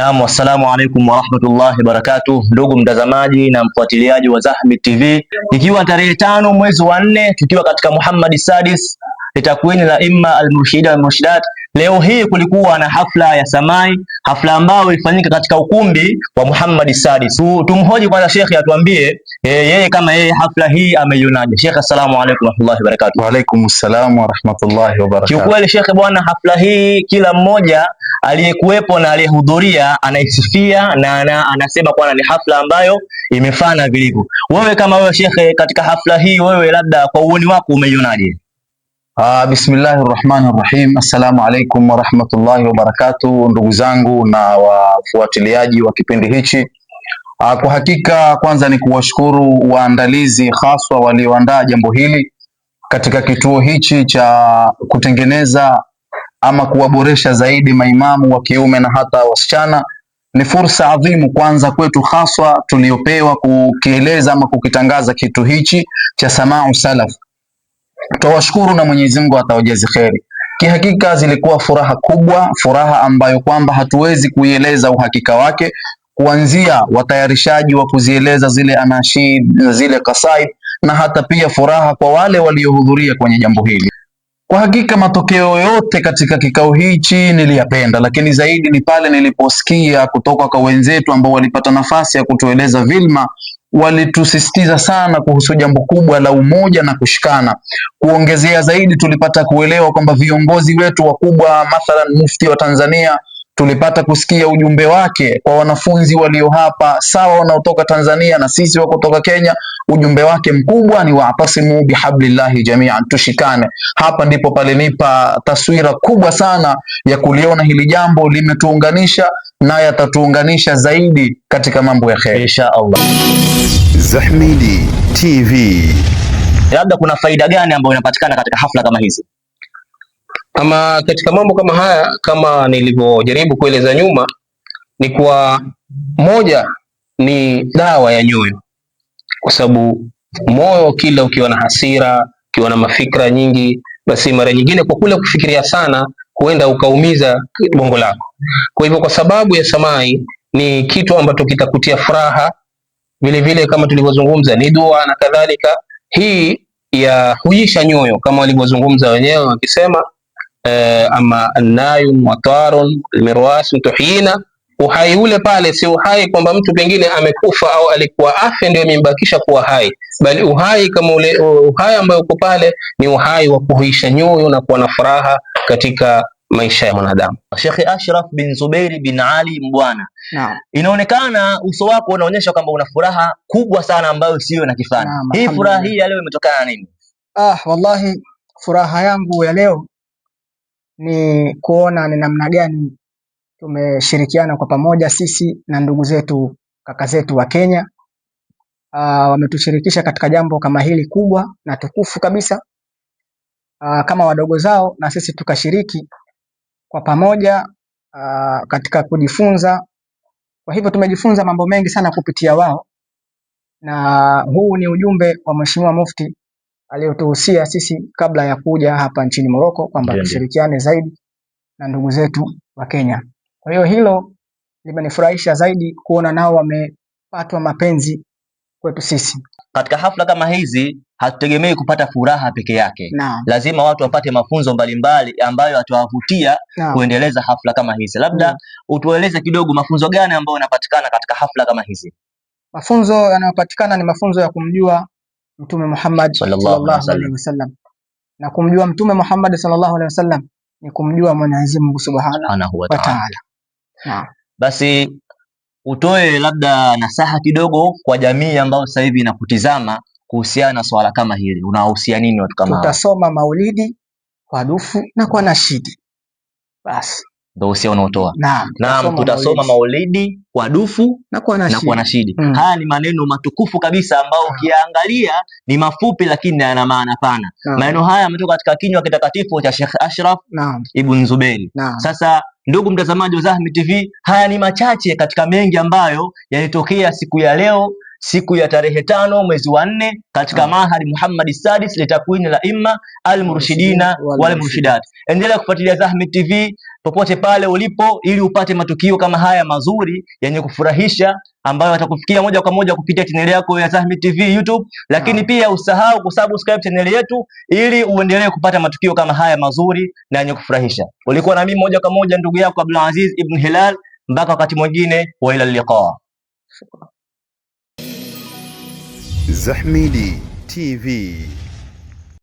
Naam, assalamu alaikum warahmatullahi wabarakatuh, ndugu mtazamaji na mfuatiliaji wa Zahmi TV, ikiwa tarehe tano mwezi wa nne tukiwa katika Muhammad Sadis ni la imma almurshida wal Leo hii kulikuwa na hafla ya samai, hafla ambayo ilifanyika katika ukumbi wa Muhammad Sadis. Tumhoji kwanza shekhe atuambie e, yeye kama yeye hafla hii ameionaje. Shekhe, assalamu alaykum wa rahmatullahi Wa alaykum assalam warahmatullahi wabarakatuh. Kiukweli shekhe, bwana, hafla hii kila mmoja aliyekuwepo na aliyehudhuria anaisifia na anasema kwana ni hafla ambayo imefana vilivyo. Wewe kama wewe shekhe, katika hafla hii wewe labda kwa uoni wako umeionaje? Uh, ah, bismillahi rahmani rahim. Assalamu alaikum warahmatullahi wabarakatuh, ndugu zangu na wafuatiliaji wa kipindi hichi. Uh, kwa hakika kwanza ni kuwashukuru waandalizi haswa walioandaa jambo hili katika kituo hichi cha kutengeneza ama kuwaboresha zaidi maimamu wa kiume na hata wasichana. Ni fursa adhimu kwanza kwetu haswa tuliopewa kukieleza ama kukitangaza kitu hichi cha Samau Salaf. Tutawashukuru na Mwenyezi Mungu atawajazi kheri. Kihakika zilikuwa furaha kubwa, furaha ambayo kwamba hatuwezi kuieleza uhakika wake, kuanzia watayarishaji wa kuzieleza zile anashid na zile kasaid, na hata pia furaha kwa wale waliohudhuria kwenye jambo hili. Kwa hakika matokeo yote katika kikao hichi niliyapenda, lakini zaidi ni pale niliposikia kutoka kwa wenzetu ambao walipata nafasi ya kutueleza vilma walitusisitiza sana kuhusu jambo kubwa la umoja na kushikana. Kuongezea zaidi, tulipata kuelewa kwamba viongozi wetu wakubwa, mathalan mufti wa Tanzania tulipata kusikia ujumbe wake kwa wanafunzi walio hapa, sawa wanaotoka Tanzania na sisi wa kutoka Kenya. Ujumbe wake mkubwa ni watasimu bihablillahi jamian, tushikane. Hapa ndipo palinipa taswira kubwa sana ya kuliona hili jambo limetuunganisha na yatatuunganisha zaidi katika mambo ya kheri insha Allah. Zahmidi TV, labda kuna faida gani ambayo inapatikana katika hafla kama hizi? Ama katika mambo kama haya, kama nilivyojaribu kueleza nyuma, ni kuwa moja ni dawa ya nyoyo, kwa sababu moyo kila ukiwa na hasira, ukiwa na mafikra nyingi, basi mara nyingine kwa kule kufikiria sana, huenda ukaumiza bongo lako. Kwa hivyo, kwa sababu ya samai ni kitu ambacho kitakutia furaha vilevile, kama tulivyozungumza, ni dua na kadhalika, hii ya huisha nyoyo kama walivyozungumza wenyewe wakisema eh, ama annayu mwatarun mirwasu tuhina, uhai ule pale si uhai kwamba mtu pengine amekufa au alikuwa afya ndio amembakisha kuwa hai, bali uhai kama ule uhai ambayo uko pale ni uhai wa kuhuisha nyoyo na kuwa na furaha katika maisha ya mwanadamu. Sheikh Ashraf bin Zubairi bin Ali Mbwana, naam, inaonekana uso wako unaonyesha kwamba una furaha kubwa sana ambayo siyo na kifani. Hii furaha hii ya leo imetokana na nini? Ah, wallahi furaha yangu ya leo ni kuona ni namna gani tumeshirikiana kwa pamoja sisi na ndugu zetu kaka zetu wa Kenya. Uh, wametushirikisha katika jambo kama hili kubwa na tukufu kabisa. Uh, kama wadogo zao na sisi tukashiriki kwa pamoja uh, katika kujifunza. Kwa hivyo tumejifunza mambo mengi sana kupitia wao, na huu ni ujumbe wa Mheshimiwa Mufti aliyotuhusia sisi kabla ya kuja hapa nchini Moroko kwamba tushirikiane zaidi na ndugu zetu wa Kenya. Kwa hiyo hilo limenifurahisha zaidi kuona nao wamepatwa mapenzi kwetu sisi. Katika hafla kama hizi hatutegemei kupata furaha peke yake na, lazima watu wapate mafunzo mbalimbali ambayo atawavutia kuendeleza hafla kama hizi. Labda utueleze kidogo mafunzo gani ambayo yanapatikana katika hafla kama hizi? Mafunzo yanayopatikana ni mafunzo ya kumjua Mtume Muhammad sallallahu alaihi wasallam, na kumjua Mtume Muhammad sallallahu alaihi wasallam ni kumjua Mwenyezi Mungu subhanahu wa taala. Basi utoe labda nasaha kidogo kwa jamii ambayo sasa hivi inakutizama kuhusiana na swala kama hili, unawahusia nini watu kama hao? Tutasoma maulidi kwa dufu na kwa nashidi basi ndo usia unaotoa. Naam, tutasoma maulidi kwa dufu na kwa nashidi, na kwa nashidi. Mm. Haya ni maneno matukufu kabisa ambayo ukiangalia ni mafupi lakini yana maana pana. Maneno haya yametoka katika kinywa kitakatifu cha Sheikh Ashraf Ibn Zuberi. Sasa ndugu mtazamaji wa Zahmid TV, haya ni machache katika mengi ambayo yalitokea siku ya leo siku ya tarehe tano mwezi wa nne katika ah. mahari Muhammad Sadis litakwini la imma almurshidina wal murshidat. Endelea kufuatilia Zahmid TV popote pale ulipo, ili upate matukio kama haya mazuri yenye kufurahisha ambayo atakufikia moja kwa moja kupitia chaneli yako ya Zahmid TV YouTube, lakini ah. pia usahau kusubscribe chaneli yetu ili uendelee kupata matukio kama haya mazuri na yenye kufurahisha. Ulikuwa na mimi moja kwa moja ndugu yako Abdul Aziz Ibn Hilal, mpaka wakati mwingine, wa ila liqa. Zahmid TV.